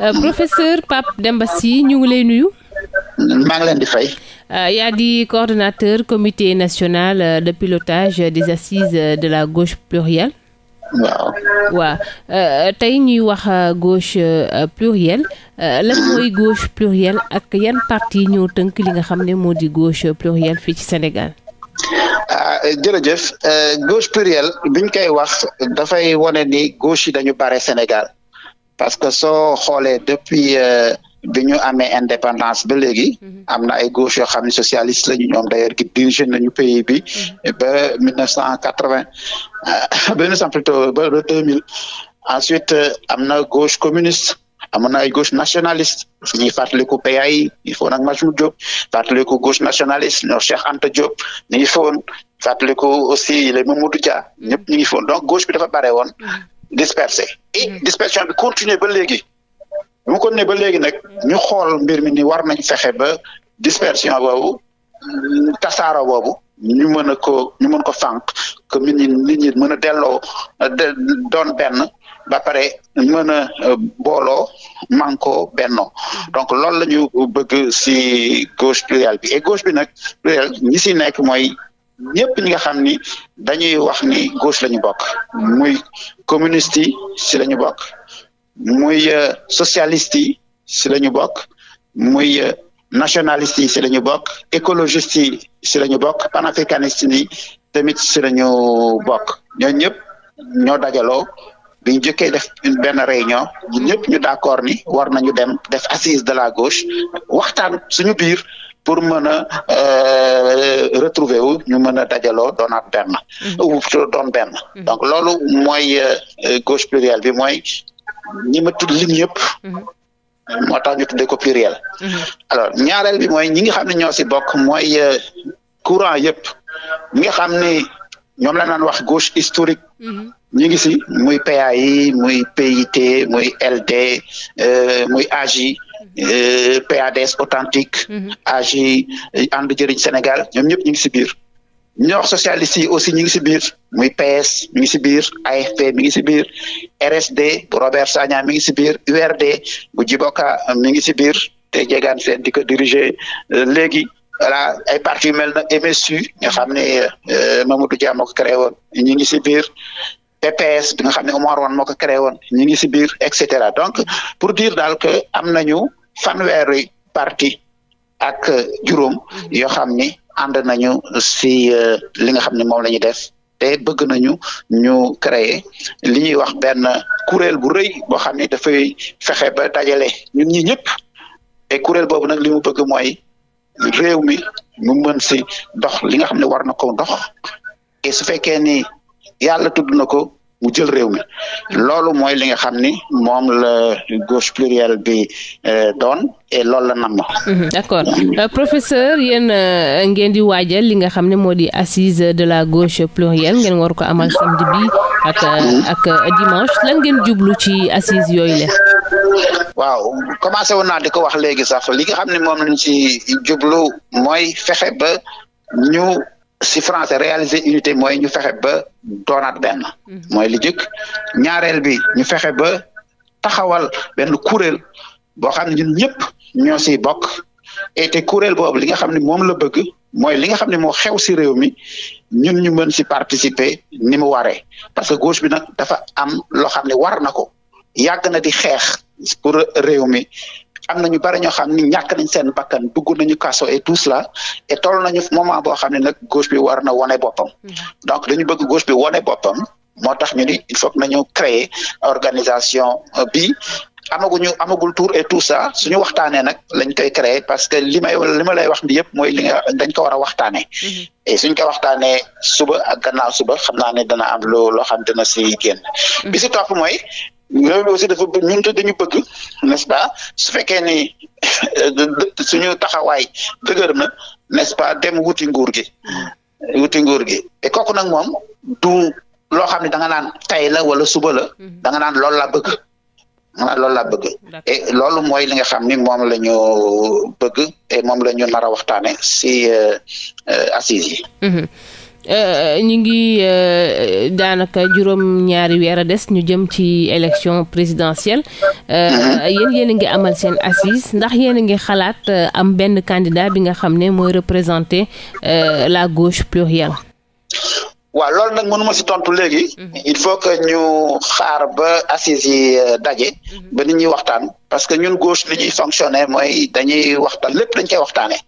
Euh, professeur Pape Demba Sy ñu ngi lay nuyu. maa ngi leen di fay. Euh, yaa di coordinateur comité national euh, de pilotage des assises de la gauche plurielle. waaw. waaw tey ñuy wax gauche plurielle lan mooy gauche plurielle ak yan parti ñoo tënk li nga xam ne moo di gauche plurielle fii ci Sénégal. ah jërëjëf gauche plurielle biñ koy wax dafay wane ni gauche yi dañu bare Sénégal. parce que soo xoolee depuis euh, bi ñu amee indépendance ba léegi mm-hmm. am na ay gauche yoo xam ne socialiste lañu ñoom d'ailleurs ki dirigé nañu pays bi mm-hmm. ba mille neuf cent quatre-vingt euh, ba mille neuf cent plutôt ba le deux mille ensuite euh, am na gauche communiste amoon na ay gauche nationaliste ñuy fàttaliku PAI il faut nag Majmut Diop fàttaliku gauche nationaliste ñoo Cheikh Anta Diop ñu ngi foon fàttaliku aussi les Mamadou Dia ñëpp ñu ngi foon donc gauche bi dafa pare woon mm-hmm. dispersé. et mm-hmm. dispersion bi continuer ba léegi. mu continuer ba léegi nag ñu xool mbir mi ni war nañ fexe ba dispersion boobu tasaaro boobu. ñu mën a ko ñu mën ko fànq que nit ñi nit ñi mën a delloo doon benn ba pare mën a euh, booloo manko bennoo mm-hmm. donc loolu lañu bëgg si gauche pluriel bi et gauche bi nag pluriel ñi si nekk mooy ñëpp ñi nga xam ni dañuy wax ni gauche la bokk muy communiste yi si la ñu bokk muy euh, socialiste yi si la ñu bokk muy euh, nationaliste yi si la ñu bokk écologiste yi si la ñu bokk panafricaniste yi tamit si la bokk ñoo ñëpp ñoo dajaloo bi ñu jëkkee def benn réunion ñun ñu d'accord ni war nañu dem def assise de la gauche waxtaan suñu biir pour mën a euh, retrouver wu ñu mën a dajaloo doonaat benn mhm. ou doon benn mhm. donc loolu mooy euh, bi mooy ñi ma tudd lim yëpp mhm. moo tax ñu tuddee ko pluriel alors ñaareel bi mooy ñi nga xam ne ñoo bokk mooy euh, courant yëpp ñi xam ne ñoom la naan wax gauche historique ñu ngi si muy PAI muy PIT muy LD muy AJ Euh, PADS authentique mhm. AJ euh, ànd jëriñ Sénégal ñoom ñëpp ñu ngi si biir ñoox socialiste yi aussi ñu ngi si biir muy PS mi ngi si biir AFP mi ngi si biir RSD bu Sagna mi ngi si biir URD bu Djiboka euh, mi ngi si biir te jegaan seen di ko diriger léegi voilà ay parti yu mel na MSU nga xam ne Mamadou Dia moo ko créé woon ñu ngi si biir PPS bi nga xam ne Omar Wane moo ko créé woon ñu ngi si biir et cetera donc pour dire daal que am nañu fanweeri parti ak juróom mhm. yoo xam ni ànd nañu si euh, li nga xam ni moom la ñuy def te bëgg nañu ñu créer li ñuy wax benn kuréel bu rëy boo xam ni dafay fexe ba dajale ñun ñi ñëpp te kuréel boobu nag li mu bëgg mooy réew mi mu mën si dox li nga xam ne war na ko dox et su fekkee ni yàlla tudd na ko mu jël réew mi loolu mooy li nga xam ni moom la gauche plurielle bi euh, doon et loolu la nam ma d'accord euh, professeur yéen euh, ngeen di waajal li nga xam ne moo di assise de la gauche plurielle ngeen war ko amal samedi bi ak ak dimanche lan ngeen jublu ci assise yooyu la waaw commencé woon naa wax léegi sax li xam ne moom lañ ci jublu mooy fexe ba ñu si français réaliser unité mooy ñu fexe ba doonaat benn. Mhm. mooy li jëkk ñaareel bi ñu fexe ba taxawal benn kuréel boo xam ne ñun ñëpp ñoo siy bokk et te kuréel boobu li nga xam ne moom la bëgg mooy li nga xam ne moo xew si réew mi ñun ñu mën si participer ni mu waree parce que gauche bi nag dafa am loo xam ne war na ko yàgg na di xeex pour réew mi am na ñu bari ñoo xam ni ñàkk nañ seen bakkan dugg nañu kasso et tout cela et toll nañu moment boo xam ne nag gauche bi war na wane boppam. Mm-hmm. donc dañu bëgg gauche bi wane boppam moo tax ñu ni il faut que nañu créer organisation bi. amaguñu amagul tour et tout ça suñu waxtaanee nag lañ koy créer parce que li may li ma lay wax ni yëpp mooy li nga dañ ko war a waxtaanee mm-hmm. et suñ ko waxtaanee suba ak gannaaw suba xam naa ne dana am loo loo xam dina si génn mm-hmm. bi si mooy loolu aussi dafa ñun te dañu bëgg n'est-ce su fekkee ni suñu taxawaay dëgër na n'est-ce pas dem wuti nguur gi wuti nguur gi te kooku nag moom du loo xam ne danga naan tey la wala suba la mm-hmm. nga naan loolu laa bëgg loolu laa bëgg loolu mooy li nga xam ni moom la ñu bëgg et moom la ñu nar a waxtaane si euh, euh, assises Euh, ñu ngi euh, daanaka juróom ñaari weer a des ñu jëm ci élection présidentielle euh, yéen yéen a ngi amal seen assise ndax yéen a ngi xalaat am benn candidat bi nga xam ne mooy représenter la gauche plurielle. waa loolu nag mënuma si tontu léegi. Mhm. il faut que ñu xaar ba assises yi daje. Mhm. ba nit ñuy waxtaan parce que ñun gauche li ñuy fonctionner mooy dañuy waxtaan lépp dañ koy waxtaanee.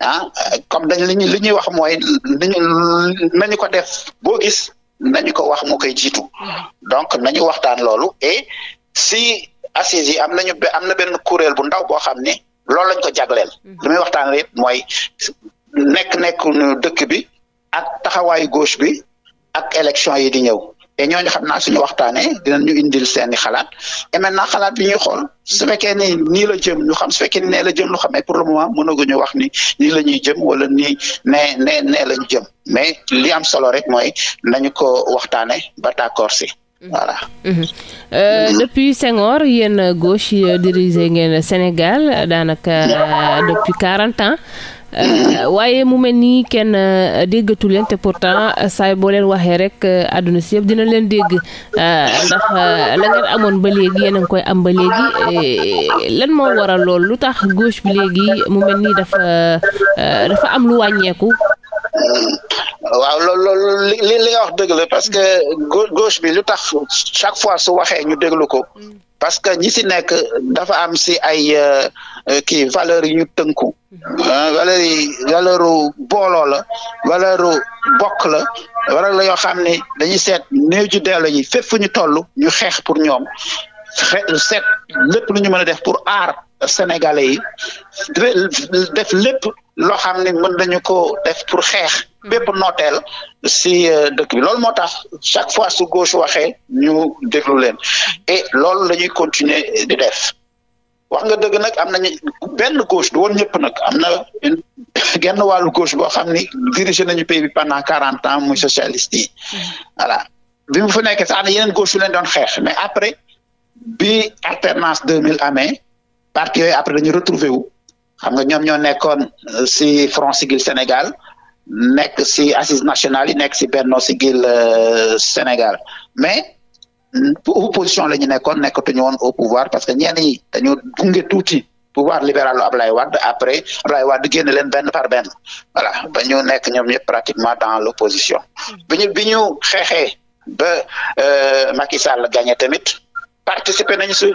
ah comme dañ li li ñuy wax mooy li ñu nañu ko def boo gis nañu ko wax moo koy jiitu donc nañu waxtaan loolu et si assises yi am nañu am na benn kuréel bu ndaw boo xam ne loolu lañ ko jagleel mm-hmm. li muy waxtaan yëpp mooy nekk nekk dëkk bi ak taxawaayu gauche bi ak élection yi di ñëw et ñooñu xam naa suñu waxtaanee dinañ ñu indil seen i xalaat et na xalaat bi ñuy xool su fekkee ni nii la jëm ñu xam su fekkee ni la jëm lu xam ne pour le moment mënaguñu wax ni nii la ñuy jëm wala nii nee nee nee la jëm mais li am solo rek mooy nañu ko waxtaanee ba d'accord si. voilà. Mhm. Euh, depuis Senghor yéen gauche dirigé ngeen Sénégal daanaka euh, depuis quarante ans. Euh, waaye mu mel nii kenn déggatu leen te pourtant saay boo leen waxee rek àdduna si yëpp dina leen dégg ndax la ngeen amoon ba léegi yéen a ngi koy am ba léegi lan moo waral lool lu tax gauche bi léegi mu mel nii dafa dafa am lu wàññeeku waaw loolu li li nga wax parce que gauche bi lu tax chaque fois su waxee ñu déglu ko parce que ñi si nekk dafa am si ay euh, kii valeur yu ñu tënku ah, valeur yi valeuru booloo la valeuru bokk la valeur la yoo xam ne dañuy seet néew ju delloo ñi fu ñu toll ñu xeex pour ñoom fe seet lépp lu ñu mën a def pour aar sénégalais yi def lépp loo xam ne mën nañu ko def pour xeex bépp nooteel si euh, dëkk bi loolu moo tax chaque fois su gauche waxee ñu déglu leen et loolu la ñuy continuer di def wax nga dëgg nag am nañu benn gauche du woon ñëpp nag am na genn wàllu gauche boo xam ni dirigé nañu pays pendant quarante ans muy socialiste yi mm-hmm. voilà bi mu fa nekkee sax am yeneen gauche yu leen doon xeex mais après bi alternance deux mille amee parti yooyu après dañu retrouver wu xam nga ñoom ñoo nekkoon euh, si Front Siggil Sénégal nekk si assise national yi nekk si Benno Siggil euh, Sénégal mais mm, opposition la ñu nekkoon nekkatuñu woon au pouvoir parce que ñenn yi dañu gunge tuuti pouvoir libéral Ablaye Wade après Ablaye Wade génn leen benn par benn voilà ba ñu nekk ñoom ñëpp pratiquement dans l' opposition mm. bi ñu bi ñu xeexee ba euh, Macky Sall participer nañu si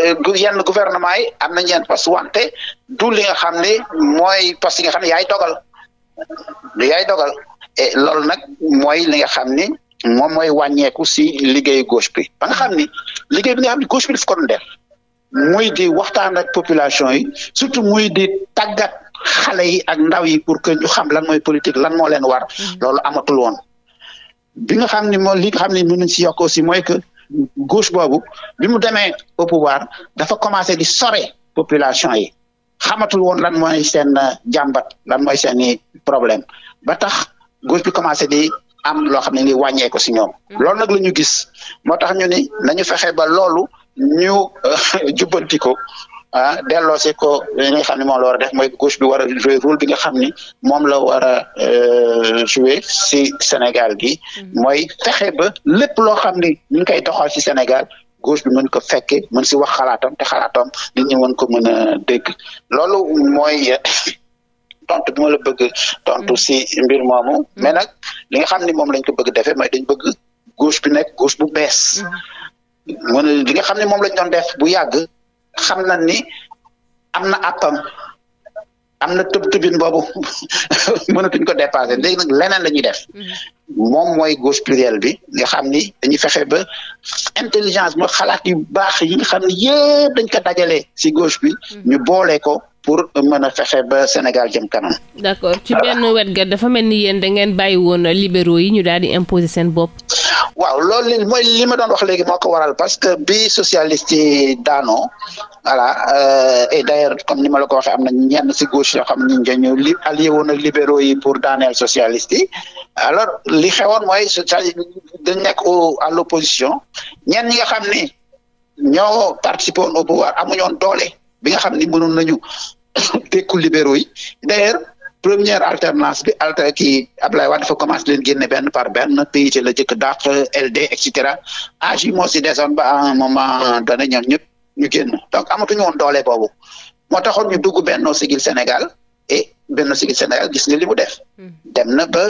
euh, yenn gouvernement yi am nañ yenn poste wante du li nga xam ne mooy poste yi nga xam ne yaay dogal lu yaay dogal et loolu nag mooy li nga xam ni moom mooy wàññeeku si liggéey gauche bi ba nga xam ni liggéey bi nga xam ne gauche bi daf ko doon def muy di waxtaan ak population yi surtout muy di tàggat xale yi ak ndaw yi pour que ñu xam lan mooy politique lan moo leen war mm-hmm. loolu amatul woon bi nga xam ni moom li nga xam ne mën nañ si yokk mooy que gauche boobu bi mu demee au pouvoir dafa commencé di sore population yi xamatul woon lan mooy seen euh, jàmbat lan mooy seeni problème ba tax gauche bi commencé di am loo xam ne ni wàññeeku si ñoom. Mm. loolu nag la ñu gis moo tax ñu ni nañu fexee ba loolu ñu euh, jubbanti ko ah delloo si ko li eh, xam ne moom la war a def mooy gauche bi war a jouer nga xam ni moom la war a euh, jouer si Sénégal gi mhm. mooy fexe ba lépp loo xam ni ñu ngi koy doxal si Sénégal gauche bi mën ko fekke mën si wax xalaatam te xalaatam nit ñi mën ko mën a dégg loolu mooy euh, tontu bi ma la bëgg tontu mhm. si mbir moomu mhm. mais nag li nga xam ni moom lañ ko bëgg defee mooy dañ bëgg gauche bi nekk gauche bu bees mën li nga xam ne moom lañ doon def bu yàgg xam na ni am na àppam am na tub tubin boobu mënatuñ ko dépasser léegi leneen la ñuy def mhm. moom mooy gauche pluriel bi nga xam ni dañuy fexe ba intelligence mooy xalaat yu baax yi nga xam ne yëpp dañ ko dajale si gauche bi mhm. ñu boole ko pour mën a fexe ba Sénégal jëm kanam. d'accord ci benn wet ga dafa mel ni yéen da ngeen bàyyi woon libéro yi ñu daal di imposer seen bopp. waaw loolu mooy li ma doon wax léegi moo ko waral parce que bi socialiste yi daanoo voilà euh, et d'ailleurs comme ni ma la ko waxee am na ñenn si gauche yoo xam ne dañu li allié woon ak libéraux yi pour daaneel socialiste yi alors li xewoon mooy socialiste dañ nekk o à l'opposition ñenn ñi nga xam ni ñoo participé woon au pouvoir amuñoon doole bi nga xam ni mënoon nañu dékku libéraux yi d'ailleurs première alternance bi alter kii Ablaye Wade dafa commencé leen génne benn par benn pays ci la jëkk LD et agi moo si desoon ba à un moment donné ñoom ñëpp ñu génn donc amatuñu woon doole boobu moo ta taxoon ñu dugg Benno Siggil Sénégal et Benno Siggil Sénégal gis nga li mu def hmm. dem na ba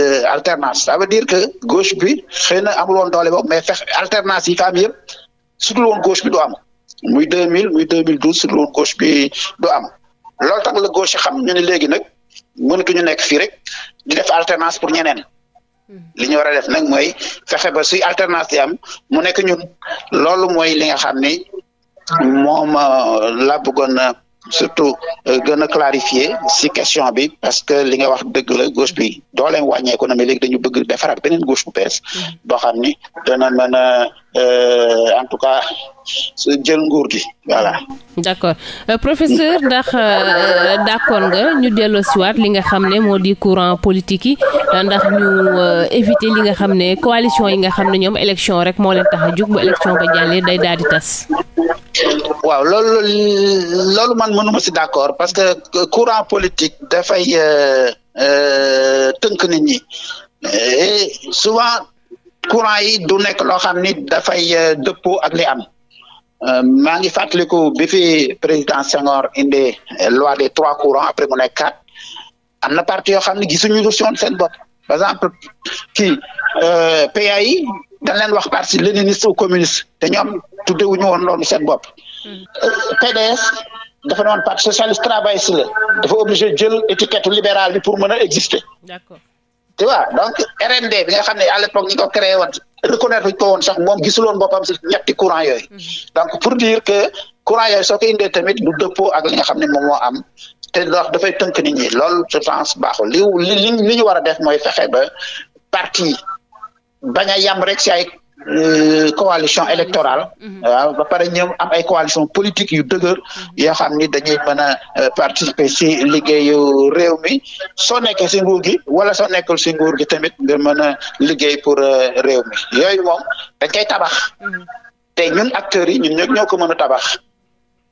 euh, alternance ça veut dire que gauche bi xëy na amul woon doole boobu mais fex alternance yi fa am yëpp sudul woon gauche bi du am muy 2000 muy 2012 sudul woon gauche bi du am loolu tax la gauche mënatuñu nekk fii rek di def alternance pour ñeneen li ñu war a def nag mooy fexe ba suy alternance di am mu nekk ñun loolu mooy li nga xam ni moom euh, la bëggoon euh, surtout euh, gën a clarifier si question bi parce que li nga wax dëgg la gauche bi doo wàññeeku na mais léegi dañu bëgg defaraat beneen gauche bu bees mm-hmm. boo xam ni dana en tout cas jël nguur gi voilà. d' accord euh, professeur ndax euh, d' accord nga ñu delloo siwaat li nga xam ne moo di courant politique yi euh, ndax ñu euh, éviter li nga xam ne coalition yi nga xam ne ñoom élection rek moo leen tax a jug bu élection ba jàllee day daal di tas. waaw loolu loolu man mënuma si d' accord parce que courant politique dafay tënk nit ñi et souvent. courant yi du nekk loo xam ni dafay euh, dëppoo ak li am euh, maa ngi fàttaliku bi fi président Senghor indi euh, loi des trois courants après mu nekk quatre am na parti yoo xam ne gisuñu ko si seen bopp par exemple kii PA yi dañ leen wax parti léniniste ou communiste te ñoom tuddewuñu woon loolu seen bopp PDS dafa ne woon parti socialiste travailliste la dafa obligé jël étiquette libérale bi pour mën a exister d'accord tu vois donc RND bi nga xam ne à l'époque ñi ko créé woon reconnaître ñu ko woon sax moom gisuloon boppam si ñetti courant yooyu mhm. donc pour dire que courant yooyu soo ko indee tamit du dëppoo a li nga xam ne moom moo am te ndox dafay tënk nit ñi loolu je pense baaxul li li li ñu war a def mooy fexe ba parti bañ a yam rek si ay Euh, coalition électorale mhm. waaw ba pare ñëw am ay coalition politique yu dëgër mhm. yoo xam ni dañuy mën a euh, participer si liggéeyu réew mi soo nekkee si nguur gi wala soo nekkul si nguur gi tamit nga mën a liggéey pour euh, réew mi yooyu moom dañ koy tabax mhm. te ñun acteurs yi ñun ñoo ko mën a tabax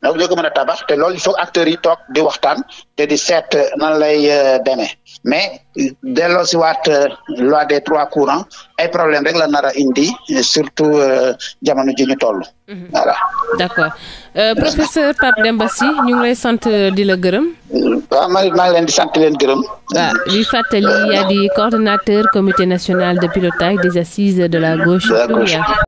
lool doo ko mën a tabax te lool il faut acteurs yi toog di waxtaan te di seet euh, nan lay euh, demee mais euh, delloo si waat loi des trois courants ay problème rek la nar a indi surtout jamono ji ñu toll. Mhm. voilà d'accord euh, professeur Pape Demba Sy ñu ngi lay sant di la gërëm. waaw maa ngi leen di sant leen gërëm. waaw di fàttali yaa di coordonnateur comité national de pilotage des assises de la gauche.